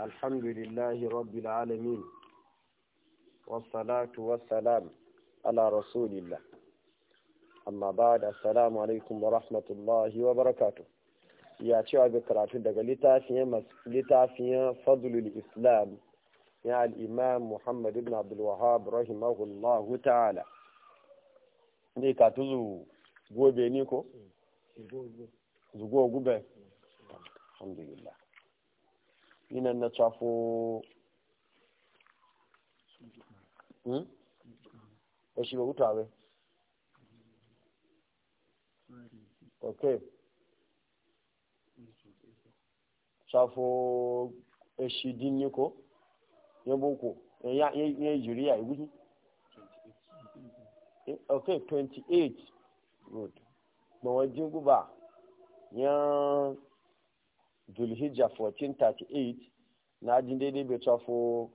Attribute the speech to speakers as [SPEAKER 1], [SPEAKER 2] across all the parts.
[SPEAKER 1] الحمد لله رب العالمين والصلاة والسلام على رسول الله أما بعد السلام عليكم ورحمة الله وبركاته ya cewa ga karatu daga littafiyan fadlul islam ya al'imam muhammad ibn abdulwahab rahimahullahu ta'ala ne ka tuzu gobe ni ko? zugo gube alhamdulillah ina na tsafo hmm ba shi ba ba eshi din ko ya boko jiri yi 28 good wajen guba yan zulhijja 1438 na jin daidai bai tafo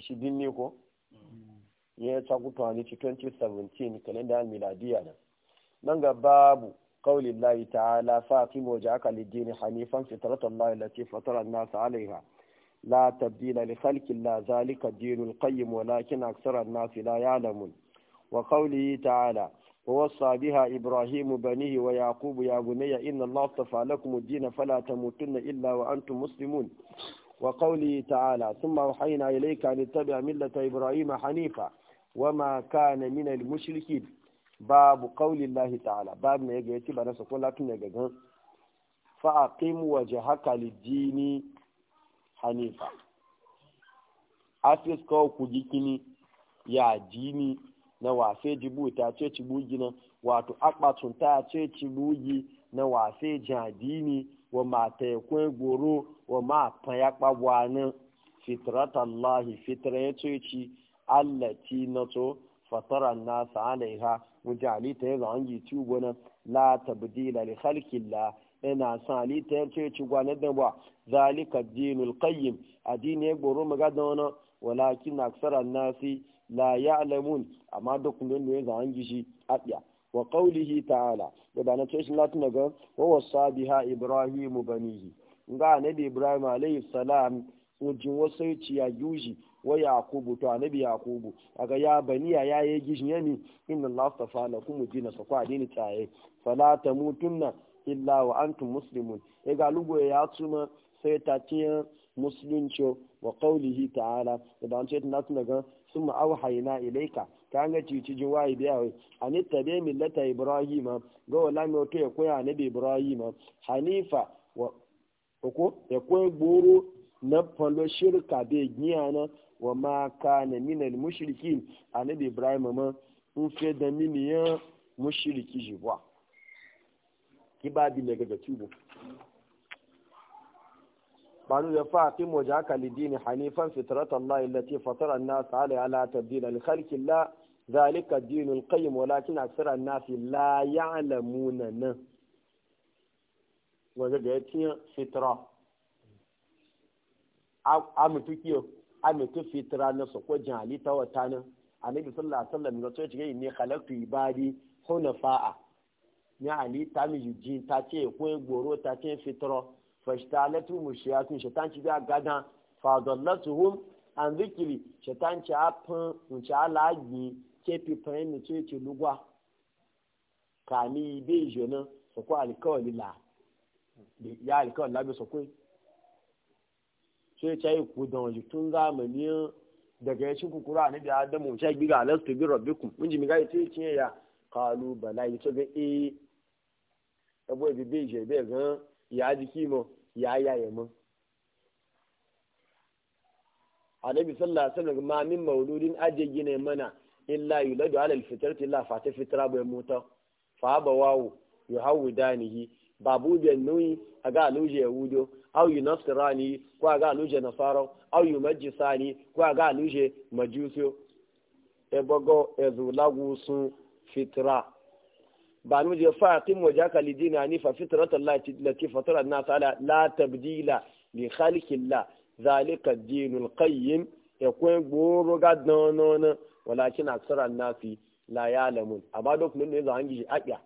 [SPEAKER 1] shidin ne ko mm. ya tafi tuwani ci 2017 kalendar miladiya nan nan ga babu kawulin layi ta'ala fati moja aka ne hanifan fitratar layi lati fatarar nasa alaiha la tabdila li khalqin la zalika dinul qayyim walakin aksara an-nas la ya'lamun wa qawlihi ta'ala ووصى بها إبراهيم بنيه ويعقوب يا بني إن الله اصطفى لكم الدين فلا تموتن إلا وأنتم مسلمون وقوله تعالى ثم أوحينا إليك أن اتبع ملة إبراهيم حنيفا وما كان من المشركين باب قول الله تعالى باب ما يجي يتبع نفسه كل لكن فأقم وجهك للدين حنيفا أسيس كو كجيكني يا ديني na wafe jibu ta ce cibugi na wato akpatun ta ce cibugi na wafe jadini wa mataikun goro wa ma fayakpa wani fitratallahi fitra ya ce ci allati na to na nasa alaiha mujali ta yi zangi tubo na la tabdila li ina sa ali ta ce ci gwana da ba zalika dinul qayyim adini ya goro maga da walakin aksara nasi la alamun amma duk kun ne za an gishi adiya wa qawlihi ta'ala da ba ce shi latin daga wa wasa biha ibrahim banihi ga nabi ibrahim alayhi salam wajin ci ya yuji wa yaqubu to nabi yaqubu aga ya baniya ya yi gishin yani inna allah tafa lakum dinu sakwa dinu tsaye fala tamutunna illa wa antum muslimun e ga lugo ya tsuma sai ta tiyan muslimcho wa qawlihi ta'ala da an ce tana sun ma'auhaina ilaika ka ga cici jiwaye biya wai a nittabe millata ibrahima ga wala mai wato ya koya annabi ibrahima hanifa wa ko ya koya gboro na falo shirka bai giya na wa ma kana minal mushrikin annabi ibrahim ma in fe da miniyan mushriki jibwa kibabi ne daga tubu بانو يفا قيم وجاك لدين حنيفا فطرة الله التي فطر الناس على على تدين لخلق الله ذلك الدين القيم ولكن أكثر الناس لا يعلمون wanda da ya cinye fitra a mutuki a mutu fitra na su ko jin halitta wata nan a nabi sallallahu alaihi wasallam ga tsoci yayin ne khalaqtu ibadi hunafa'a ni ali ta mi ta ce ko goro ta ce fitra fashtalatu mushiyatun shaitan ci ga gadan fadallatuhum an zikiri shaitan ci afin nci alagi ke pipayen ni ce ce lugwa kani ibe ijonin su kwa alikawali la ya alikawali labi su kwai sai ta yi ku da wani tun zamani daga ya cikin kura ne da adamu gbi ga alastu bi rabbikum mun ji mi gai sai ce ya kalu bala yi to ga eh abuwa bi bai je bai ga ya ji kimo ya yaye mun annabi sallallahu alaihi wasallam ma min mauludin aje gine mana illa yuladu ala alfitrati la fata fitra bi muta fa ba wawu yuhawidanihi babu da nuyi aga aluje yahudo au yunasrani ko aga aluje nasaro au yumajisani ko aga aluje majusiyo ebogo ezulagusu fitra ba mu je fa aqim wajhaka lidina fa fitratallahi allati fatara an-nas ala la tabdila li khalqillah zalika ad-dinul qayyim yakun goro ga danona walakin aksara an-nasi la ya'lamun amma dok mun ne zan gishi akya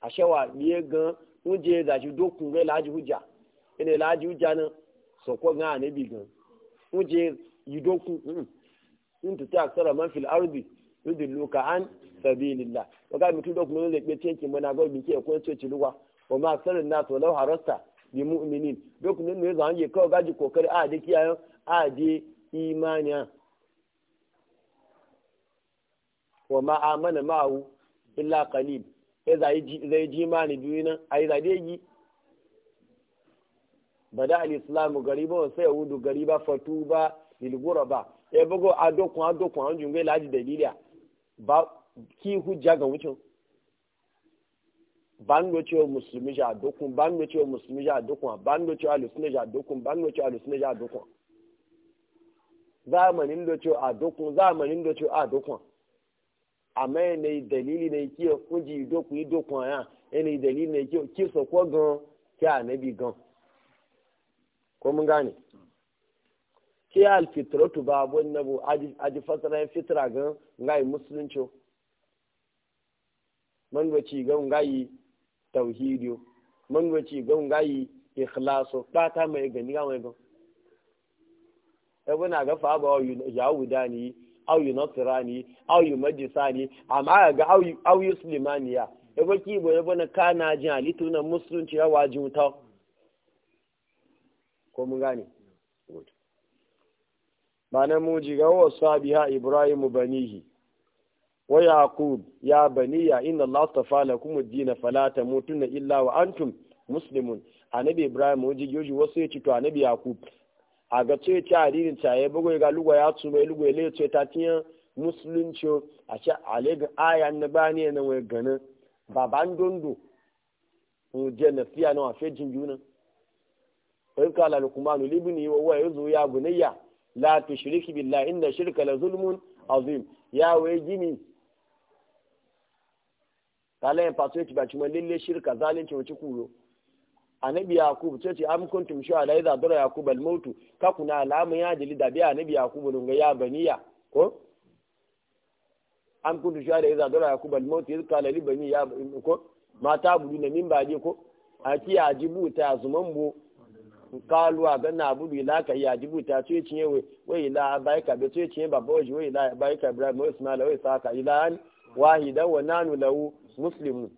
[SPEAKER 1] a shawa biye gan je da shi dokun ga laji hujja ina laji hujja nan so ko ga ne bi gan huje yi dokun in tuta aksara man fil ardi yudilluka an sabilillah wa ga mutu da kuma ne ke cikin mana ga bi ke ko ce luwa wa ma sarin na to law harasta bi mu'minin duk ne ne zan je ga ji kokari a da kiyayo a je imaniya wa ma amana ma'ahu illa qalil yi zai ji imani biyu nan a yi zade yi ba da al'islamu gariba wa sai wudu gariba ba fatu ba e ba bugo adokun adokun an jungai laji dalila ba ki hujja ga wucin bando cewa musulmi ja dokun bando cewa musulmi ja dokun bando cewa alusuna ja dokun bando cewa alusuna ja dokun zamanin da cewa a dokun zamanin da cewa a dokun amma yana dalili na kiyo kuji dokun yi dokun ya yana dalili na kiyo kirsa ko gan ki nabi gan ko mun gane ke alfitratu nabu a ji fasara fitra gan ngai musulunci man wace gan gayi tauhidiyo man wace gan gayi ikhlaso bata mai gani ga mai e ba yahudani aw yunasrani aw yumajisani amma ga aw aw yuslimaniya ebo ki bo ebuna kana jin alitu na musulunci ya wajin ta ko mun gane ga wasu biha ibrahimu banihi wa yaqub ya baniya inna allaha astafa lakum ad-din fala tamutunna illa wa antum muslimun annabi ibrahim waje yoji wasu ya ci to annabi yaqub a ga ce ci adinin ta ya bugo ga lugwa ya tsume lugwa ya ce ta tiyan musulunci a ce alega aya na bani na wai ganin baban dondo mu je na fiya na wafe jinjuna wai kala lukmanu libni wa wa yuzu ya bunayya la tushriki billahi inna shirka la zulmun azim ya wai gini kala yin faso ci baci lalle shirka zalunci wace kuro annabi yakub ce ce am kuntum shuhada idza dara yakub al mautu ka kuna alamu ya jili da biya annabi yakub nun ga ya baniya ko am kuntum shuhada idza dara yakub al mautu idza qala li bani ya ko mata budu na min baje ko a ki ajibu ta zuman bo kalu a ganna abudu ila ka ya ajibu ta ce ce wai wai ila bai ka be ce ce baba wai ila bai ka ibrahim wai ismaila wai saka ila wahida wa nanu lahu muslimun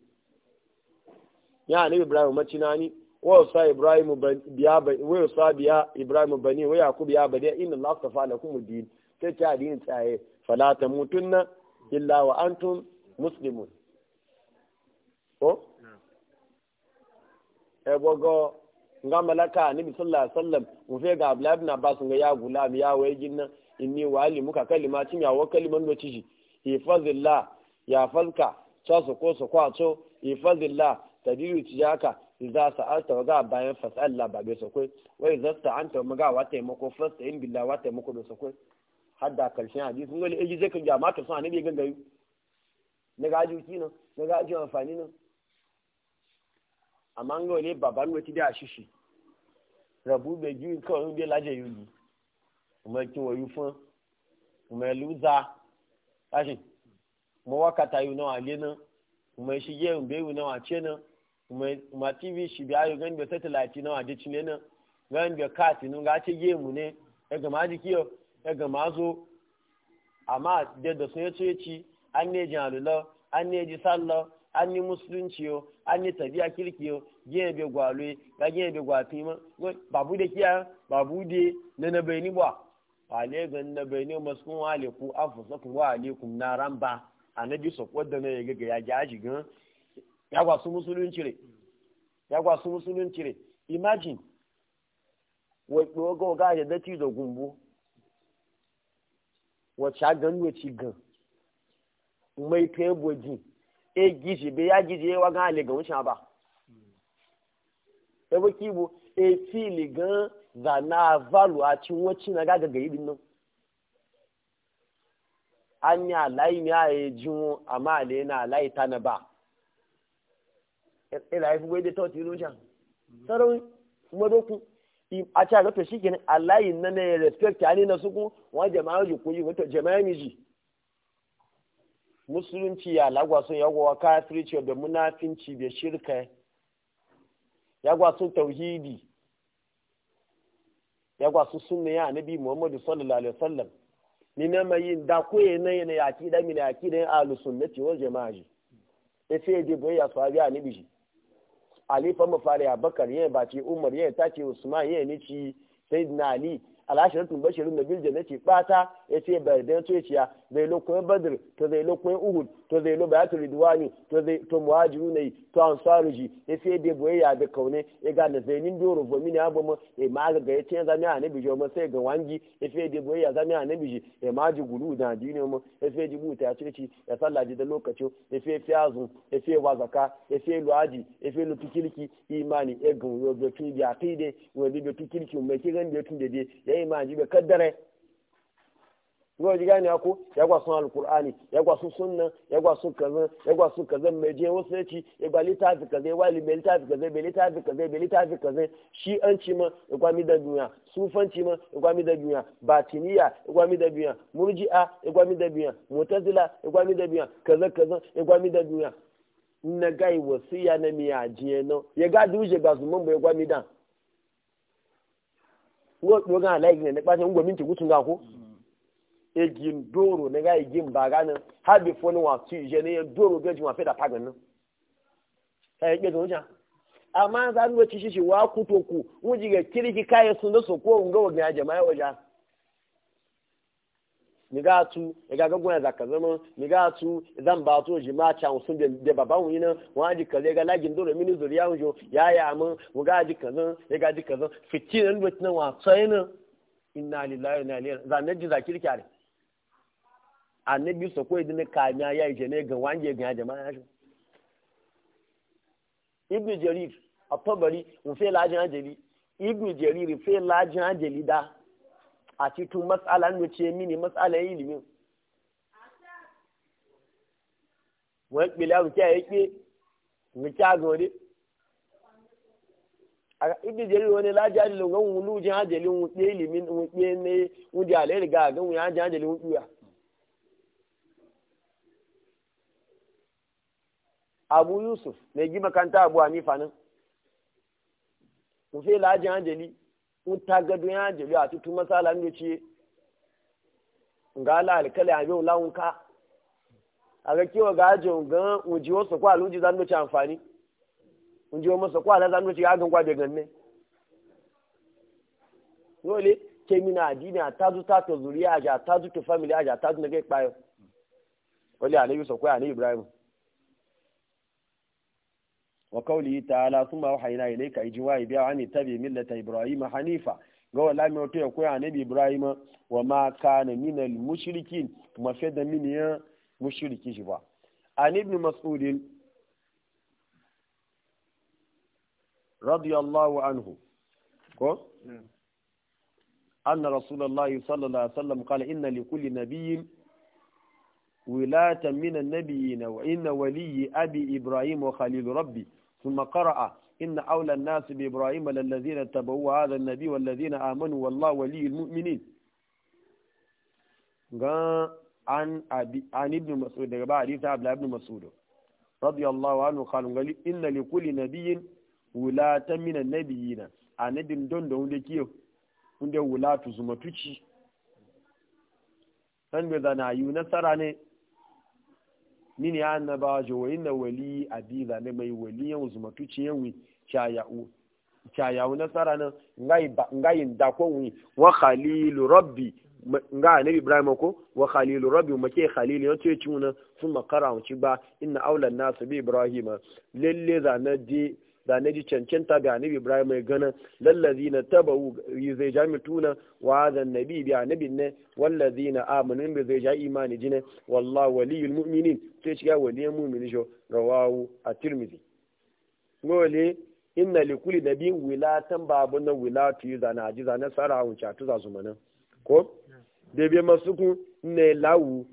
[SPEAKER 1] ya ne ibrahim macinani wa yusa ibrahim biya wa yusa biya ibrahim bani wa yaqub ya bani inna allaha safa lakum ad-din sai ta din tsaye fala tamutunna illa wa antum muslimun ko e gogo nga malaka bi sallallahu alaihi wasallam mu fe ga abla ibn abbas nga ya gulam ya wayjin inni wa alimuka kalimatin ya wa kaliman wa tiji ifazillah ya falka ta su ko su kwaco ifazillah tadiru tijaka idza sa'alta waga bayan fasalla ba bai sokoi wa idza sta'anta maga wa taimako fasta in billah wa taimako bai sokoi hadda karshen hadisi sun gani eji zai kan jama'a to sun annabi gangayu na gaji ki nan na gaji amfani nan amma ga wani baban wata da shishi rabu bai juyin kawai bai laje yuli kuma kin wayu fun kuma luza tashi kuma wakata yi nawa le nan kuma shi je in bai nawa ce nan kuma tv shi bi ayo gan bi satellite nawa je cine nan gan bi cat nun ga ce je mu ne ya e gama ji kiyo ya e gama zo amma da da sun yace ci an ne jin alula an ne ji sallah an ni musulunci yo an ni tabiya kirki yo gina bai gwalo ga gina bai gwafi ma babu da kiya babu de na na bai ni wa wale gan na bai ni masu kun wale ku an fusa kun wale kun na ramba. annabi su da na yaga ga ya gaji gan ya gwasu musulunci re ya gwasu musulunci re imagine wato ga ga da dati da gumbu wacce gan wacce gan mai tebo ji e gizi be ya gizi, ya wagan ale gan wucin ba ebe kibo e fili gan zana valu a cin wacce na gaga ga idin nan an yi alayi ne a yi e jiwo a ma'ale na alayi ta na ba ila haifi gwai da ta wata yi sarari kuma doku a ci a gato shi kenan alayi na na ya respect ya na suku wa jama'a ji kuyi wato jama'a mi ji musulunci ya lagwa sun yagwa kafirci da munafinci da shirka yagwa sun tauhidi yagwa sun sunna ya annabi muhammadu sallallahu alaihi wasallam ni na mai da koye na yana yaki da mina yaki da ahlus sunnati wal jama'a e sai je boye ya sahabi ani biji ali fa mafari abakar yayin ba ce umar yayin ta ce usman yayin ni ci sayyidina ali alashiratul bashirun nabil jannati bata ya ce bai dan to ya bai lokon badr to zai lokon uhud to zai lo bayatu ridwani to zai to muhajiru to ansaruji e ya sai boye ya da kaune e ga zai nin doro bo mini abu e ma ga ya tin zami ne jo mu sai ga wangi ya sai boye ya zami ne ji e ma ji gulu da dini mu e sai ji buta ya ce ya sallaji da lokacin ya sai fiyazu e sai wazaka e sai luaji e sai lu tikiliki imani e gun yo be tu ya tide wo be tu kiliki mu ke gan be tu de ya imani be kaddare ruwa ji gane ko ya gwa sun alkur'ani ya gwa sun sunna ya gwa sun kaza ya gwa sun kaza mai je wasu yaci ya gwa littafi kaza ya wali bai littafi kaza bai littafi kaza bai littafi kaza shi an ci ma ya gwa da duniya sufanci ma ya gwa da duniya batiniya ya gwa da duniya murji'a ya gwa da duniya mutazila ya gwa da duniya kaza kaza ya gwa da duniya na gai wasu ya na miya jiye no ya ga duje ba su mun bai gwa mi dan ngo ngo ga like ne ne ba ta ngo minti gutun ga ko egin doro ne ga egin baganin ha bi fo ni wa tu je ne doro ge juma fe da pagan nan e ge do ja amma za mu ci shi wa ku to ku wuji ga kiriki kai sun da so ko ngo ga jama'a waja ni ga tu e ga gagun za ka zama ni ga tu zan ba to ji ma can sun de baban wuni nan wa ji kaze ga lagin doro mini zuriya jo, ya ya mun mu ga ji kazan e ga ji kazan fitinan lutin wa tsayin inna lillahi wa inna ilaihi raji'un zan ji zakirki are annabi su kwa idin kamiya ya ije ne ha wange ga jama'a shi ibnu jarir atabari un lajin ajeli ibnu jarir fe lajin ajeli da a cikin matsala ne mini matsala ilimin ibi wọn ni lájáde lòun ń wúlú jẹ́ àjẹlé ń pé ìlìmí ń pé ní ń di abu yusuf mai gi makanta abu hanifa nan mufe lajin anjali un tagadu ya anjali a tutun masala ne ce ga ala alkali a biyu lawun ka a ga kewa ga ajin gan uji wasu kwa aluji zan nuce amfani uji wa masu kwa zan nuce agin kwa da ganne dole kemina adini a tazu ta ta zuriya a ja tazu ta family a ja tazu na gai kpayo wani alayyu sakwai alayyu ibrahim wa qawlihi ta'ala thumma awhayna ilayka ijwa'i bi'a an tabi millata ibrahima hanifa ga wala mi wato ya koya annabi ibrahima wa ma kana minal mushrikin kuma fe da min ya mushriki shi ba an ibn mas'ud radiyallahu anhu ko anna rasulullahi sallallahu alaihi wasallam qala inna likulli من النبيين وان ولي ابي ابراهيم وخليل ربي ثم قرأ إن أولى الناس بإبراهيم للذين تبعوا هذا النبي والذين آمنوا والله ولي المؤمنين عن عن ابن مسعود دغبا حديث عبد الله بن مسعود رضي الله عنه قال قال إن لكل نبي ولاة من النبيين annabi don دون دون kiyo wunde wulatu zuma tuci san bai mini annaba wa na wali abi ne mai wali yan zumatuci yawi cayawu nasara nan ngayin dakon wi wa khalilu rabbi nga nabi ibrahim ko wa khalilu rabbi make khalilu yato ya e ci wuna sun makara wuce ba inna aulan nasu bi ibrahim lalle zane je da na ji cancanta ga annabi ibrahim mai ganin lallazi na taba zai ja mituna wa zan nabi bi annabi ne wallazi na aminin bi zai ja imani jine wallahu waliyul mu'minin sai ga waliyan mu'mini sho rawahu at-tirmidhi ngole inna li kulli nabiyyin wilatan babu na wilatu yi zana ji zana sara hun catu za mana ko da masu kun ne lawu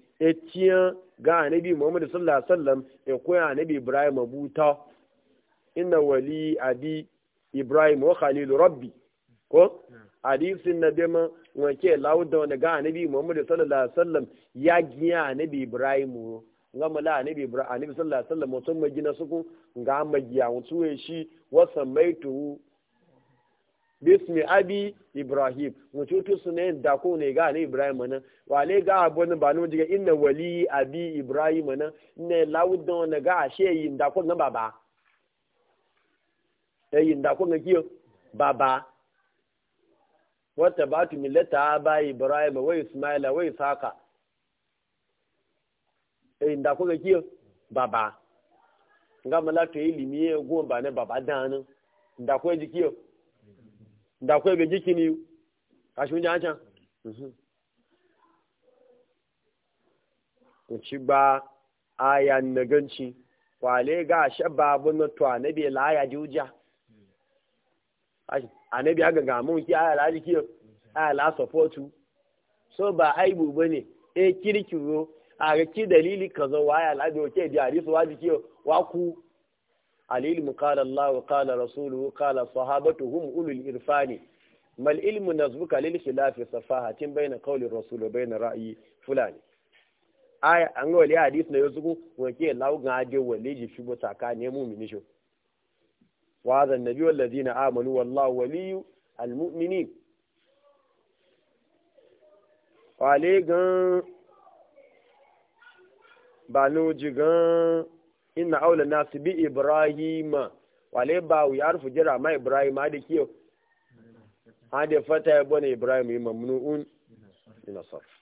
[SPEAKER 1] ciyan ga annabi muhammad sallallahu alaihi wasallam e koya annabi ibrahim abuta inna wali abi ibrahim wa khalilu rabbi ko hadisin hmm. na bema wanke lauda wani ga anabi muhammad sallallahu alaihi wasallam ya giya anabi ibrahim nga mala anabi ibrahim anabi sallallahu alaihi wasallam mutum magina suku nga magiya mutu shi wa samaitu bismi abi ibrahim mutu tu sunan da ko ne ga anabi ibrahim wa le ga abun ba no diga inna wali abi ibrahim na ne lauda wani ga ashe yin da ko na baba eyi dàkọ́ ń kiyo o bàbá wọ́n tẹ̀bá mileta mí ibrahim wọ́n ismaila wọ́n isaka ẹ̀yìn dàkọ́ ń kí o nga mala to ilimi egun ba ne baba danu dàkọ́ ẹ̀ kí Ndakwa dàkọ́ ẹ̀ ni ba na kwale ga shabba abin na tuwa na bela ya juja annabi haka ga mun ki ala aliki ala support so ba bu bane e kirkiro a ga ki dalili kaza waya ala da ke da hadisi wa jiki wa ku alil muqala allah wa qala rasuluhu qala sahabatuhum ulul irfani mal ilmu nazbuka lil khilaf safahatin bayna qawli rasul wa bayna ra'yi fulani aya an ga wali hadisi na yuzuku wa ke lawu ga je wali ji shi bo tsakanin mu'mini وهذا النبي الذين آمنوا والله ولي المؤمنين وعليك بانوجك إن أولى الناس بإبراهيم وعليك باوي يعرف جرع ما إبراهيم هذا كيو هذا فتى ابن إبراهيم ممنوع من الصرف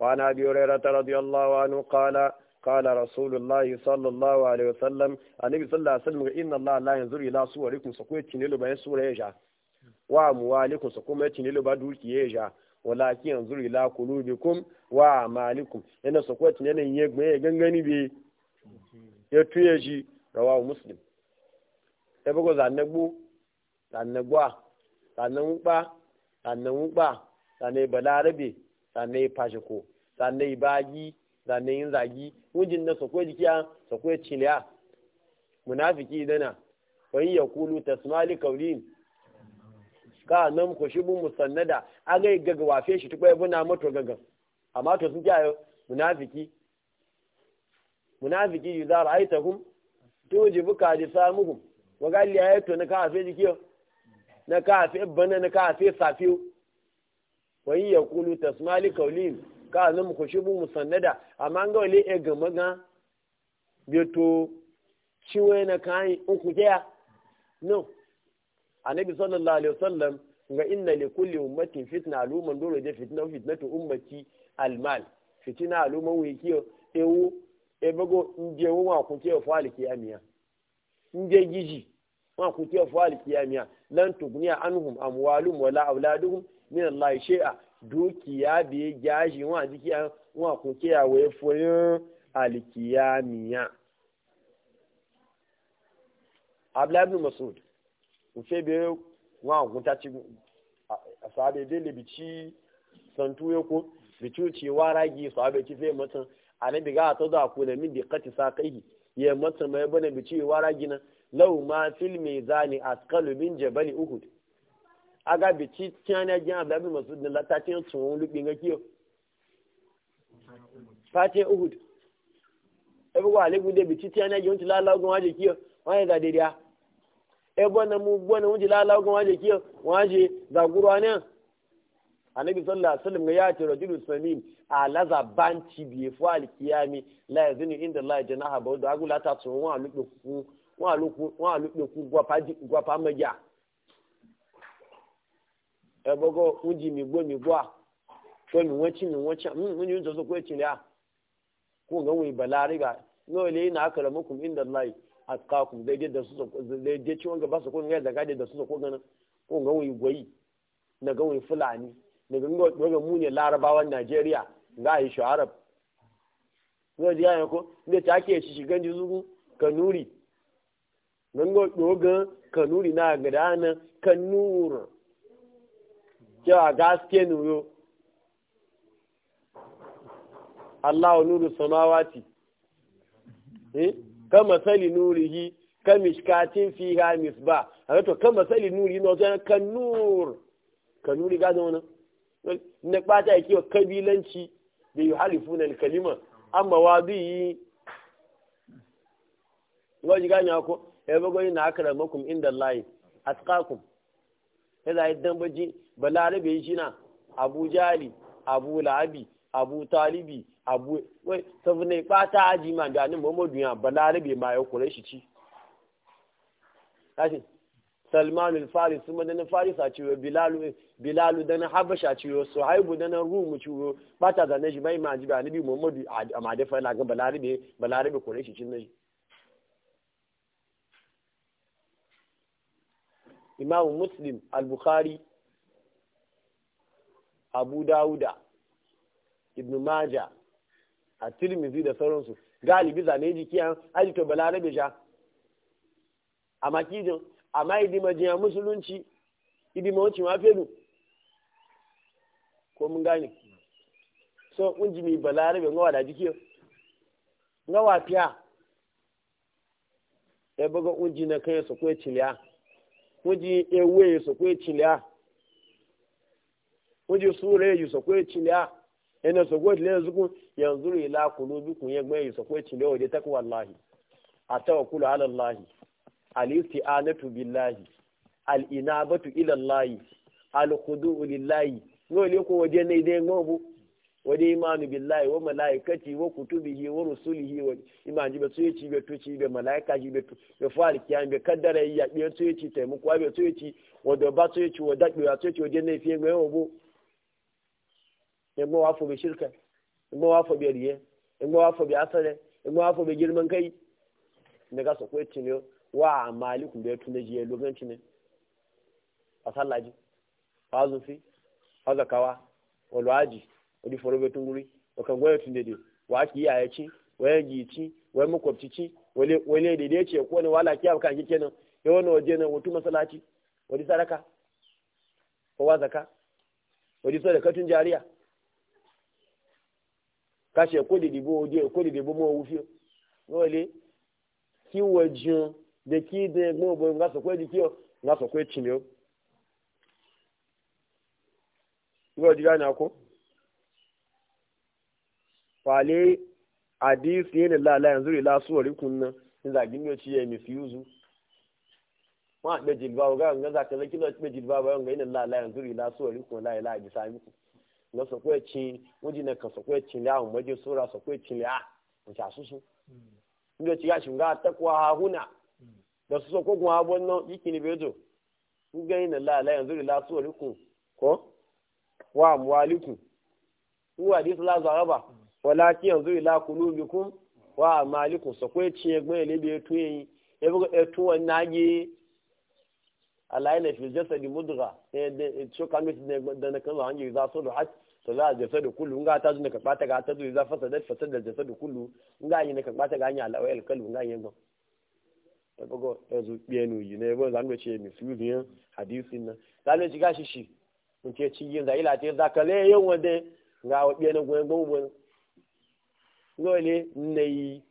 [SPEAKER 1] وعن أبي هريرة رضي الله عنه قال قال رسول الله صلى الله عليه وسلم النبي صلى الله عليه وسلم ان الله لا ينظر الى صوركم سكوية تنيلو بأي صورة يجا وأموالكم سكوية تنيلو بدوك يجا ولكن ينظر الى قلوبكم وأعمالكم ان سكوية تنيلو يغمي يغنغني بي يتويجي رواه مسلم ebogo zanagbu zanagwa zanagba zanagba zanai balarabe zanai fashiko zanai bagi sannan yin zagi wujin na sakwai jikiya sakwai ciliya munafiki dana wani ya kulu tasmali kaulin ka nan ku shi bu musannada a ga gaga wafe shi tukwai buna mato gagan amma to sun kiyaye munafiki munafiki yi zara aita hum tuji buka ji samuhum wa gali ya yato na kafe jikiyo na kafe bana na kafe safiyo wani ya kulu tasmali kaulin ka mu azum bu musannada amma ga wale e ga beto ciwe na kai in ku ya no annabi sallallahu alaihi wasallam ga inna li kulli ummatin fitna aluman dole da fitna fitnatu ummati almal fitina aluman kiyo ewu ebego nje wo wa ku ke fa alkiyamiya nje giji wa ku ke fa alkiyamiya lan tugniya anhum amwalum wala auladuhum min allahi shay'a dukiya da ya gyashi wa jiki wa kuke ya wai foyin alkiyamiya abla ibn masud ufe be wa kunta ci asabe de le bici santu ye ko bici ci waragi sabe ci fe matan anabi ga to da ku da min di qati saqihi ye matan mai bane bici waragi na law ma fil mizani asqalu min jabali uhud aga bici tiana jan ablabi masu da latatin tsohon lubin ga kiyo fatin uhud ebe wa alibu da bici tiana jan ti lalagun waje kiyo wani ga daidiya ebe na mu gwana wunji lalagun waje kiyo waje zagurwa ne annabi sallallahu alaihi wasallam ya ce rajulu salim ala zabanci bi fu alkiyami la yazini inda la janaha bawda agula ta tsohon wa lubin ku wa lubin ku gwa pa gwa pa maja ebogo unji migbo migbo a ko mi wanci mi wanci mun mun yin zo ko yace ya ko ga wai balariga no le ina akramukum inda Allah atqakum dai da su dai je ciwon gaba su ko ga da gade da su ko gana ko ga wai gwai na ga wai fulani na ga ga mu ne larabawan Najeriya ga yi sharab no ji ya ko ta ke shi shigan juzugu kanuri nan go dogan kanuri na gada na kanur cewa gaske nuno Allah wa nuru samawati eh kama sali nurihi fi fiha misba haka to kama sali nuri no zan kan nur kan nuri ga da wannan ne bata yake wa kabilanci da yuhalifuna al-kalima amma wadi waji ganya ko e bago ina akramakum inda Allah atqakum ya zai dambaji balarabe shi na abu jali abu la'abi abu talibi abu wai sabu ne fata aji ma da muhammadu ya balarabe ma ya kure shi ci kashi salman al-faris kuma da faris a ciwo bilalu dana da na habasha ciwo suhaibu haibu dana rumu ciwo bata zane shi bai ma ji ba bi muhammadu a madafa yana ga balarabe balarabe kure shi cin shi imam muslim al-bukhari abu dawuda ibn maja a tirmizi da sauransu galibi zane jikiyan ajito balarabe sha a makijin amma idima jiya musulunci ma wancin mafelu ko mun gani. so kun ji mai balarabe ngawa da jikiyo ngawa fiya ya e buga unji na kai su ko ya ciliya kuji ewe so kwe chilia kuji sure yu so kwe chilia ene so kwe chilia zuku yanzuru ila kulubi kun yegbe yu so kwe chilia oje takwa wallahi atawakkulu ala allahi al-isti'anatu billahi al-inabatu ila allahi al-khudu'u lillahi ngo ile ko waje ne dai ngo bu wani imanu billahi wa malaikati wa kutubihi wa rusulihi wa imanji be so yaci be tuci be malaika ji be be fari kiyan be kaddara ya be so yaci kwa be so yaci wa da ba so yaci wa da be so yaci wa ne fiye gbe obo igbo wa fo be shirka igbo wa be riye igbo wa be asare igbo wa be girman kai ne ga so ko tinyo wa malikun be ji je lokaci ne asallaji azufi azakawa wal waji wani forobe tunguri wakan gwaya tun dede wa ake yi a yaci wani gici wani makwabcici wani dede ya ce ko wani wala kiyar kan shi kenan ya wani waje na wutu masalaci wani sadaka kowa zaka wani sadakatun jariya kaṣe kó dìde bó ojú kó dìde bó mọ owó fíó wọn lé kí wọ jùn de kí dín ẹgbọn òbò nga sọ pé di kí ọ nga sọ pé tì mí ó. ìwé ọdí rà ní akó. fale hadisi yana lala yanzu ila wari kunna in zagi ne ci ya mifiyuzu ma da jilba ga ga za ka zaki da jilba ba ga yana lala yanzu su wari kunna la ila ji sami ku na so ko ci wuji na ka so ko ci la mu je sura so ko hmm. ci la mu ta susu ndo ci ga shi ga kwa huna hmm. da su so ko kuma abon nan yikini bezo ku ga yana lala yanzu ila suwari kun ko wa mu amwalikum ku hadisi la zaraba walaki yanzu ila kulubikum wa amalikum so ko ci egbon ile bi etu yin e bo etu won naje alaina fi jasadi mudgha e de e cho kan mi ne da na kan hanje za so do haj to la jasadu kullu nga ta zuna ka bata ga ta zuwa fasa da fasa da jasadu kullu nga yin ka bata ga anya alawal kalu nga yin go e bo e zu bienu yi ne bo zan we ci e mi su yin hadisin na zan we ci gashi shi mun ce ci yin da ila ce zakale yin wanda nga wa bienu go go ngole nayi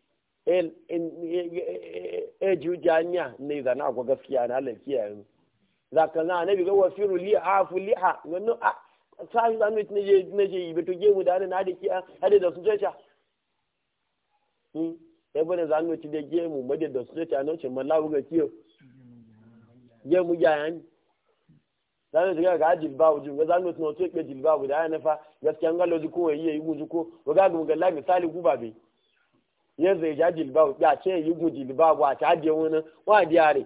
[SPEAKER 1] el e, e, e, e jujanya ne da na ko gaskiya na Allah kiyaye zaka na annabi ga wafiru li afu liha wannan a sai da mutum ne ne je yi to je da na da kiya hade da su tsacha hmm sai bane zanu da gemu made da su tsacha no ce mallawu ga kiyo gemu jayan zanu diga ga jilba wujin ga zanu tuno to ke jilba wuda ya nafa gaskiya ngalo ji ko yi yi guji ko wa ga ga la misali guba be yanzu ya jilba ya ce yi guji jilba wa ta je wani wa diare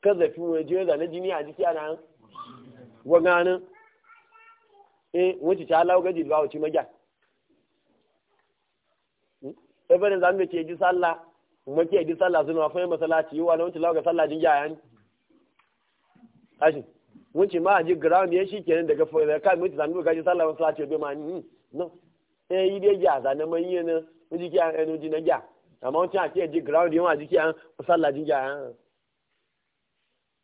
[SPEAKER 1] kaza fi wani je da na jini a jiki ana wa gana eh wuce ta lawo ga jilba wuce magya sai bane zamu ce ji sallah kuma ke ji sallah suna fa yi masallaci wa na wuce lawo ga sallah jin yayan kashi wuce ma a ji ground ya shi kenan daga fara ka mutu zanu ga ji sallah wasu lati be ma ni hmm, no eh yi dai ja za na man yi na wuce ki an enu eh, ji na ja amma wuce a ke ji ground yawa ji ki sallah ji ja eh.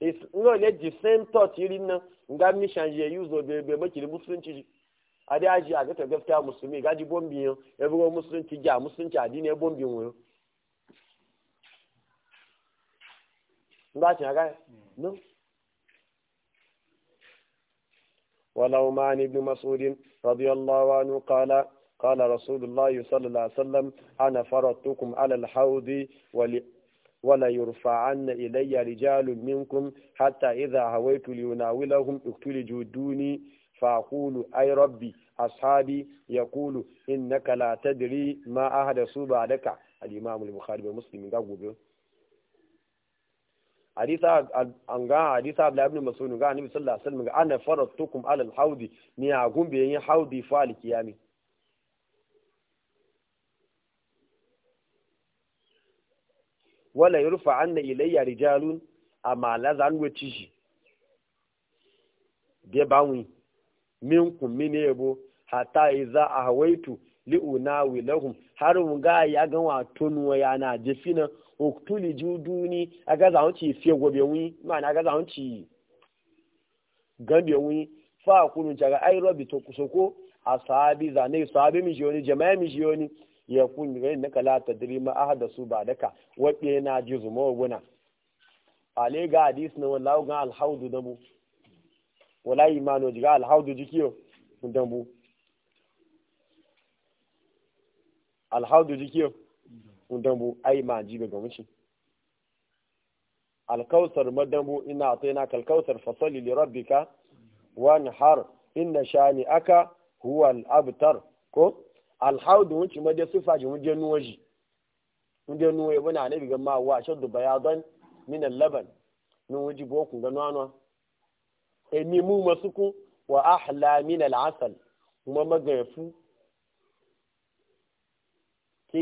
[SPEAKER 1] is no le the same thought yiri na nga mi change ye use be be maki musulunci ade aji aga ta gaskiya musulmi gaji bombi yo e bugo musulunci ja musulunci adini e bombi wo nga ci aga no ولو معن ابن مسعود رضي الله عنه قال قال رسول الله صلى الله عليه وسلم أنا فرضتكم على الحوض ول ولا يرفعن إلي رجال منكم حتى إذا هويت ليناولهم اختلجوا دوني فأقول أي ربي أصحابي يقول إنك لا تدري ما أحدث بعدك الإمام البخاري ومسلم قال hadisa an ga hadisa abu labin masu ga annabi sallallahu alaihi wasallam ga ana farattukum alal haudi ni a gumbe yin haudi fa alkiyami wala yurfa anna ilayya rijalun amma la zan wuce shi de bawi min kun min yebo hatta iza ahwaitu li'unawi lahum har mun ga ya ga wa tunuwa yana jefina oktuli juduni aga za hunci fiye gobe wi ma'ana aga za hunci gambe wi fa kunun jaga ai robi to kusoko asabi za ne sahabi mi joni jama'a mi joni ya kun ga ne kala tadri ma ahada su ba daka wabe na ji mo guna ale ga hadis ne wallahu ga alhaudu dabu wala imanu ga alhaudu jikiyo dabu alhaudu jikiyo dambu ai ma ga alkausar madambu ina yana kalkausar fasali li rabbika wanhar inna shani aka huwa al-abtar ko alhaudu wuce madai sufa ji wuje nuwaji wuje nuwaye wani anabi ga ma wa shaddu bayadan min laban min wuji boku ga nwanwa e ni mu masuku wa ahla min al-asal kuma magafu ke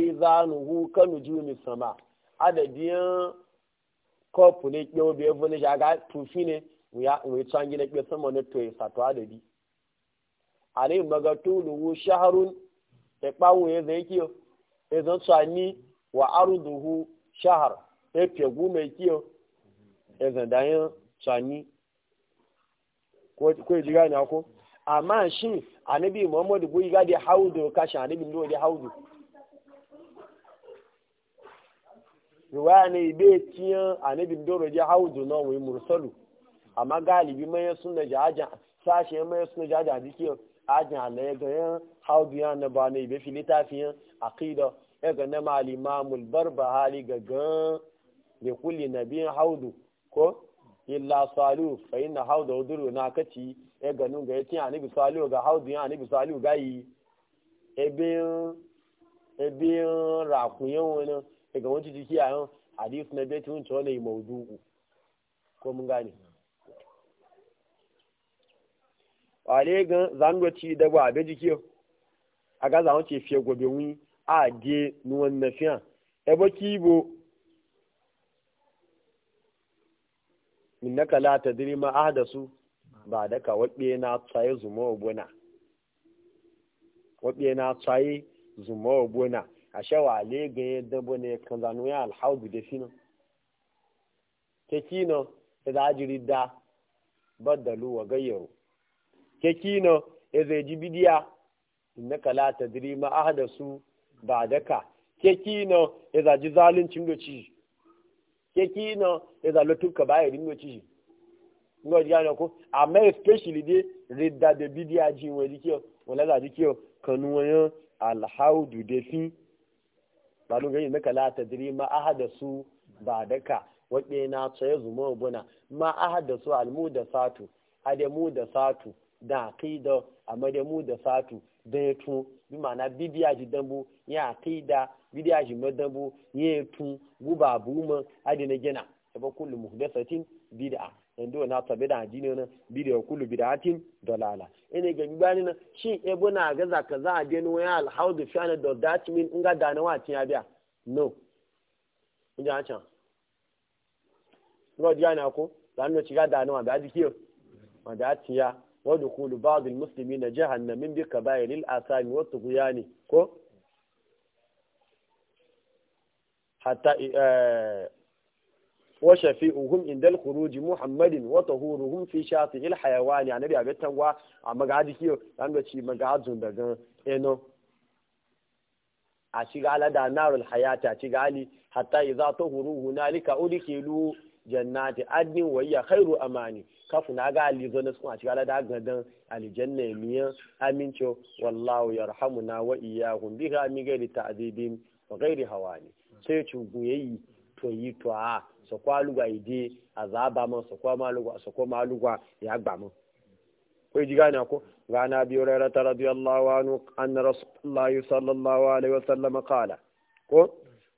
[SPEAKER 1] n'uhu kanu jumi sama adadin kopu ne kpe obi evo ne shaga tufi ne nwe canji ne kpe sama ne to sato adadi ale maga tuluhu shaharun ekpa wuye o kiyo ezon tsani wa n'uhu shahar efegu mai kiyo ezon dayan tsani ko e ji gani ako amma shi anabi muhammadu bu yi gadi haudu kashin anabi ndo di haudu riwaya ne ibe ciyan anabin doro je haudu na wai mursalu amma galibi mai suna jajan sashe mai suna jajan jiki ajin halaye ga yan haudu ya na ba ne bai fi littafiyan aqida ya ga na malimamul barbahari ga gan da kulli nabiyin haudu ko illa salu fa inna hauda uduru na kaci ya ga nun ga yati anabi salu ga haudu ya anabi salu gayi ebin ebin rakuyen wani daga wancan jiki a yau hadis na bai tun ci wani maudu'u ko mun gane wale gan zangoci da ba be jiki a ga zawon ce fiye gobe wuni a de nuwan na fiya ebe kibo innaka la tadri ma su ba da ka na tsaye zuma obona na tsaye zuma obona a shawa le ganye dabo ne kan zanu ya alhaudu da fina ke kino da za ajiri da baddalu wa gayyaro ke kino ya zai ji bidiya inna kala ta diri ma ahada su ba daka ke kino ya zaji da doci ke kino ya zalo tuka ba ya ringo ci ngo ji gano ko amma especially dai ridda da bidiya ji wani kiyo wala zaji kiyo kanu wani alhaudu da fina Ba malum gani naka la tadri ma su ba daka waɗe na tsaye zuma buna ma su almu da satu ademu da satu da aqida amademu da satu da yato bi ma'ana bibiya ji dambu ya qida bibiya ji madambu ye tu guba buma na gina sabakul muhdathatin bid'ah ndo na tabe da ajini na bidiyo kullu bidatin dalala ina ga gbani na shi e na ga za ka za a je ni waya how fi fiana da that mean in ga dana wa tin ya biya no inja cha ro dia na ko dan no ciga dana wa ga dikiyo wa da tin ya wa dukulu ba'd almuslimina jahannam bi kaba'il al-asami wa tughyani ko hatta eh wa shafi'uhum indal khuruj muhammadin wa tahuruhum fi shati'il ne ya nabi abin tangwa a magadi kiyo dan da ci magazun daga eno a shiga alada narul hayata ci gali hatta idza tahuru hunalika udkilu jannati adnin wa hiya khairu amani kafu na ga ali zo na sun a shiga alada gadan aljanna miyan amincho wallahu yarhamuna wa iyyahum biha min ghairi ta'dibin wa ghairi hawani sai cuguyayi to yi to sọ̀kọ́ alùgbà ìdí àzàbà mọ́ sọ̀kọ́ máa alùgbà ìyá gbà mọ́. kai ji gane ko rana biyu rara ta radiyallahu anhu anna yi sallallahu alaihi wasallam qala ko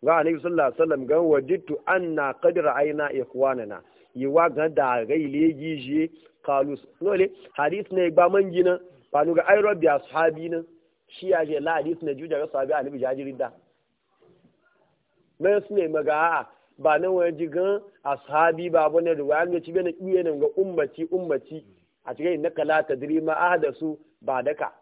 [SPEAKER 1] ga annabi sallallahu alaihi wasallam gan wajidtu anna qad ra'ayna ikhwanana yiwa ga da gai leji je kalu nole hadith ne ba man gina ba nu ga ayro bi ashabi na shi ya je la hadith ne juja ga sahabi annabi jajirin da mai sune maga ba nan wani jigan ashabi ba abu ne ruwa ne ci bane iya nan ga umarci umarci a cikin na kala ta diri ma da su ba daka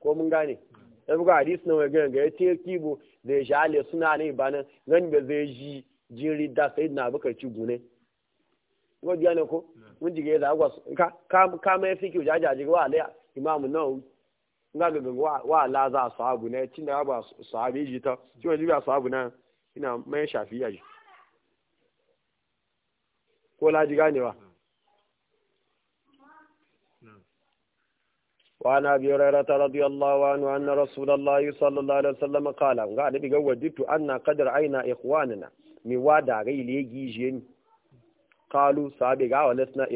[SPEAKER 1] ko mun gane sai buga hadis na wani gani ga ya ce kibo da ya ala suna ne ba nan gani ba zai ji jiri da sai na baka ci gune ko biya ne ko mun jige da agwa ka ka mai fiki jajaji wa alai imamu nawawi nga ga wa wa la za sahabu ne cin da ba sahabi ji ta cin da ba abu na wa na biye raira ta radiyallahu anwa na rasulallahu sallallahu alaihi wa kala ga adadin gawar jitu ana ƙaddar aina ikuwana ne wa dagai lega jiya ne kalu safe gawaran let na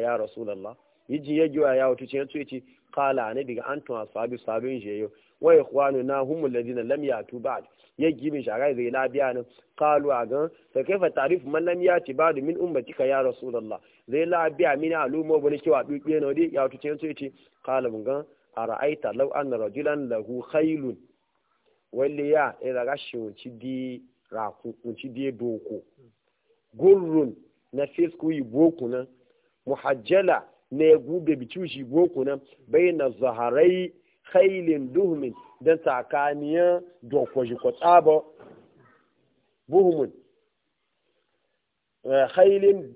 [SPEAKER 1] ya rasu lallai bijin ya wuce ce kala ne daga an tunan sabbin ziyarar wa na hum alladhina lam yatu ba'd ya min sharai zai labiya nan qalu kai fa kaifa ta'rif man lam yati ba'd min ka ya rasulullah zai labiya min alumo bane cewa duke na dai ya tuce sai ce qala mun gan ara'aita law anna rajulan lahu khaylun walli ya ila eh, gashin ci di raku ci di doko gurrun na fisku yi boku nan muhajjala na ya gube biciu shi boku nan bayyana zaharai khailin duhumin don tsakaniyar dokwaji ko tsaba buhumin eh, khailin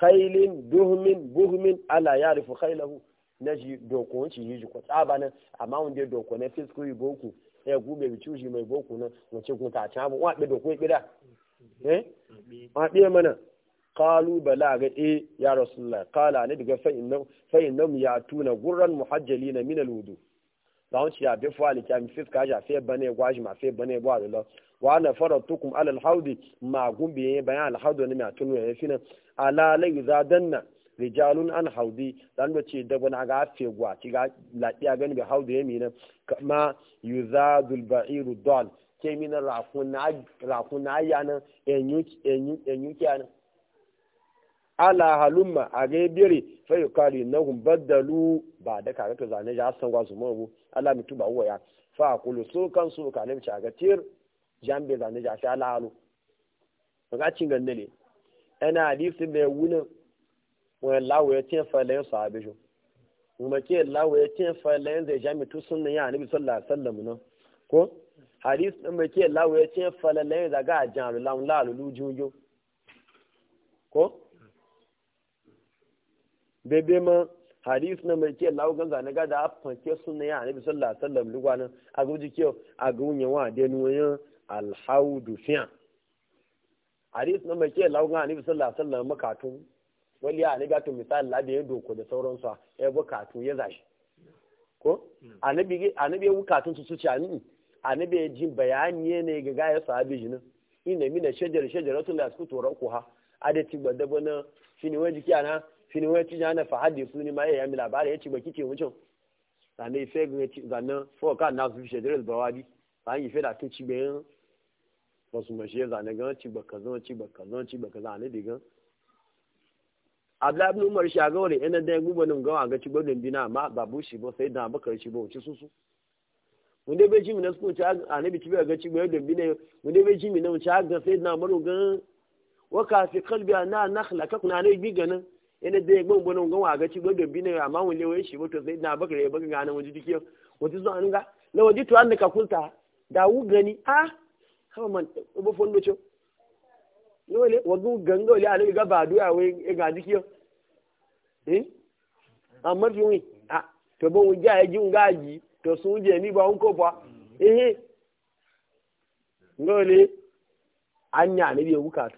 [SPEAKER 1] khailin duhumin buhumin ala ya rufu khailahu na shi dokowanci yi ko tsaba nan amma wanda doko na fisko yi boku ya gube bi shi mai boku nan wace kun ta can wa ɗaya doko ya eh wa ɗaya mana قالوا بلا إيه يا رسول الله قال أنا بقى فإنهم, فإنهم يأتون غرا na minal الوضوء zawon ci yabe fuwa da kyami fiska a fe bane gwaji ma fe bane bwa da wa na fara tukum alal haudi ma gumbi yayin bayan al haudu ne mai tunu yayin finan ala lai na rijalun an haudi dan da ce daga na ga fe gwa ci ga lafiya gani ga haudu yayin mina kama yuzadul ba'iru dal ke mina rafun na rafun na yana enyu enyu enyu kenan ala halumma a ga bire kari na hun badalu ba da kaga to zane ja san gwa zuma bu ala mutu ba waya fa aqulu su kan su ka nabi ga tir jambe zane ja sha lalu ga cin ganne ne ana hadisi da wunin wa lawo ya tin fa lan sahabi jo kuma ke lawo ya tin fa lan da jami tu sunna ya nabi sallallahu alaihi wasallam no ko hadis din mai ke lawo ya tin fa lan da ga jan lalu lalu lujujo ko bebe ma hadis na mai ke lawo ganza na gada afanke sunna ya annabi sallallahu alaihi wasallam lugwana a guji ke a gunya wa de nuwa alhaudu fiya hadis na mai ke lawo ganza annabi sallallahu alaihi wasallam makatun wali ya annabi to misali la da ya doko da sauran sa ya bukatu ya zashi ko annabi hmm. annabi ya bukatun su su ci annabi annabi ji bayani ne ga gaya sahabi jinin inna mina shajar shajaratul yaskutu raquha adati gbadabana shine waji kiyana fini wani cijin ana fahadi su ni ma ya yami labari ya ci baki ke wucin zane ife ga zanen foka na su fishe dare zubawa bi zane ife da tun cibiyan wasu mashe zane gan ciba kazan ciba kazan ciba kazan ne digan abdullahi umar shi a ga wani yanar da ya guba nan gawa ga ci gwadon bina amma babu shi ba sai da bakar shi ba wuce susu wanda bai ji mina suka wuce ne bi ci ga ci gwadon bina wanda bai ji mina wuce a ga sai da maro gan waka fi kalbi na nakhla kakuna ne bi ganin Ene de gbon gbon ngon wa ga ci gbon bi ne amma wani shi wato sai na bakare ya baka ganin waje dikiyo wato zo ga na to an ka kulta da wu gani a kama man bo fondo cho lole wagu ganga ole ale ga a duya wai e ga dikiyo eh amma fi a to bo wuja ya e ji ngaji to sun je ni ba unko ba eh, eh. anya ne bi e wuka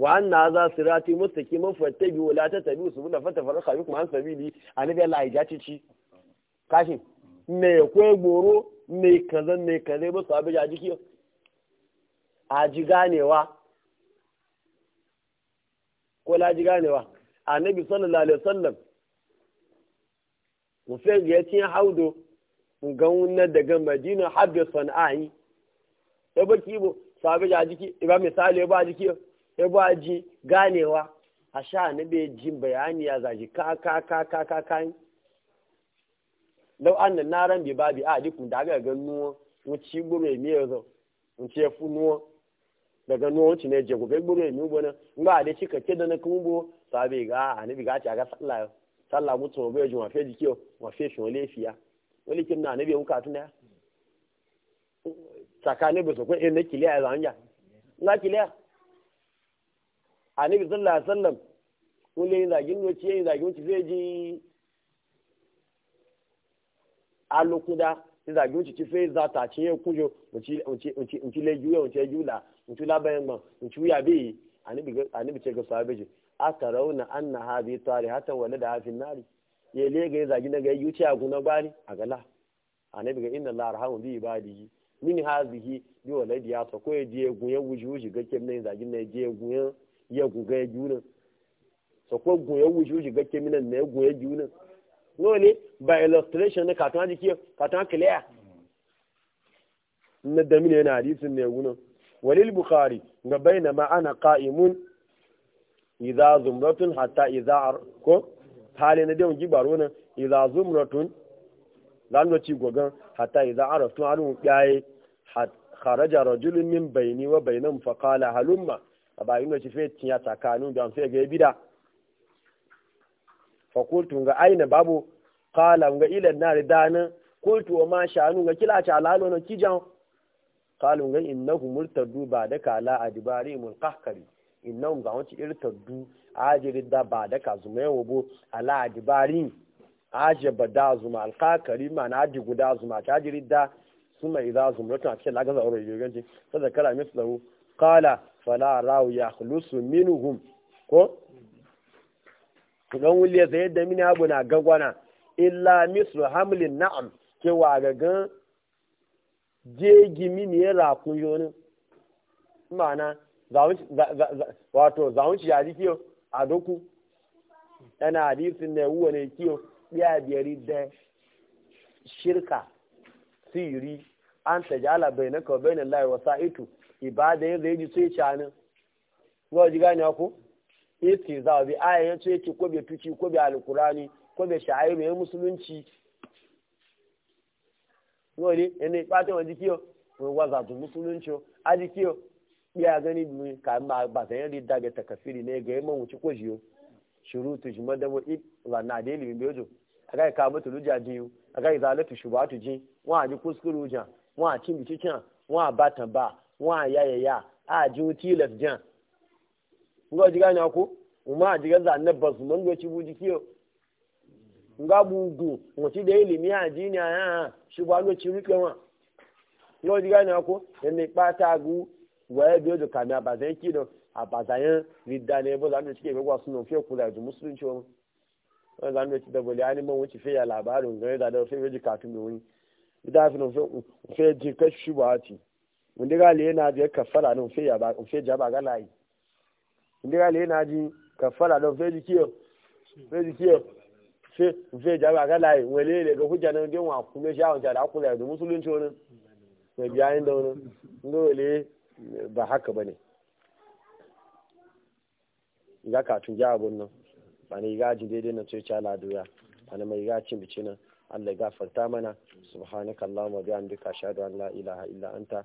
[SPEAKER 1] wa anna za sirati mustaqiman fattabi wala tatabi subula fatafarqa bikum an sabili annabi Allah ya ci ci kashi me ko goro me kaza me kaza ba sabi ya jiki a ji ganewa ko la ji ganewa annabi sallallahu alaihi wasallam mu fe ga tin haudo gauna daga madina habbi sana'i da bo sabi ya jiki ba misali ba jiki eba ji ganewa asha sha na bai jin bayani ya zaji ka ka ka ka ka ka lau an na ran bi babi a dikun da ga ga nuwa wuci gburu emi mi yazo wuci fu nuwa daga nuwa wuci na je gobe gburu mi ubo na ba da cika ke da na kumbo sabe ga anabi ga aga salla sallah salla mutu bai juma fe jiki wa fe shi wale ya wale kin na anabi muka ya tsakanin ba su ko in eh, na kiliya zanja na kiliya annabi sallallahu alaihi wasallam ko ne zagin wuce yin zagin wuce zai ji alokuda yin zagin wuce ci fai za ta cinye kujo wuce le juya wuce jula nci labarin ban wuce wuya bi annabi ce ga sahabe ji aka rauna an na ha bi tare hatan wani da hafin nari ya le ga zagi na ga yuce a guna bani a gala annabi ga inna la arhamu bi ibadihi min hazihi bi waladiya ta ko ya je gunye wuji wuji ga kem zagin na ya je gunye ya guga ya juna so ko gun ya wuce wuce gakke minan na ya gun ya juna no ne ba illustration na katon jiki katon clear na damina mini yana hadisin ne guna walil bukhari ga baina ma ana qa'imun idza zumratun hatta idza ko hali na dawon gibaro na idza zumratun lan ci gogan hatta idza araftun alun yayi kharaja rajulun min bayni wa bainam fa halumma ba yi wace fe tinya tsakanin da ya ga bida fa kultu ga aina babu qala ga ilan nar danin kultu wa ma shanu ga kila ta lalo no kijan qalu ga innahu murtaddu ba da kala adibari mun qahkari innahum ga wani irtaddu ajiri da ba da ka zuma yawo bo ala adibari aje bada zuma alqakari ma na aji guda zuma ta ajiri da suma idza zumratu a cikin lagaza aure yoganci sai zakara mislahu qala fala rawu ya khulusu minhum ko gan wule zai da mini abu na gagwana illa mislu hamlin na'am ke wa gagan jegi mini ya rakun yoni ma'ana wato zaunci ya ji kiyo a doku yana hadisin da wuwa ne kiyo biya biyari da shirka siri an tajala bai na bainaka bai bainallahi wa sa'itu ibada ya zai iji sai canin ga ji anya ku isi za a bi aya ya ce ki kobe tuci kobe alkurani chi sha'iru ya musulunci wani yana ipata wani kiyo wani waza tu musulunci a ji kiyo ya aga mu ka ma ba sai yadda takafiri na wa na da ilimin bejo a kai ka ji wa ji wa ya ya ya a ji tilas jan ngo ji gani ko umma ji bas mun go ci buji kiyo nga bugu mo ti da ilimi aji ni aya shi ba lo ci ri pe won ngo ji gani ko ni pa ta gu wa e bi o do kami abazan e ki do abazan ri da ne bo zanu ci ke be gwa sunu fe kula ju musulunci won won zanu da boli ani mo won ci fe ya labarin ga e da da fe ji ka tun mi won da fi no fe fe ji ka ti wanda gali yana je kafara don fe ya ba fe ja ba wanda yana ji kafara don fe ji kiyo fe ji kiyo fe fe ja ba galayi wale le ga hujja nan din wa kuma sha wanda da kula da musulunci wani mai biyayin da wani ba haka bane ga ka tun ja abun nan ba ne ga ji daidai na ce cha laduya ana mai ga cin bici Allah ya gafarta mana subhanakallahumma bihamdika ashhadu an la ilaha illa anta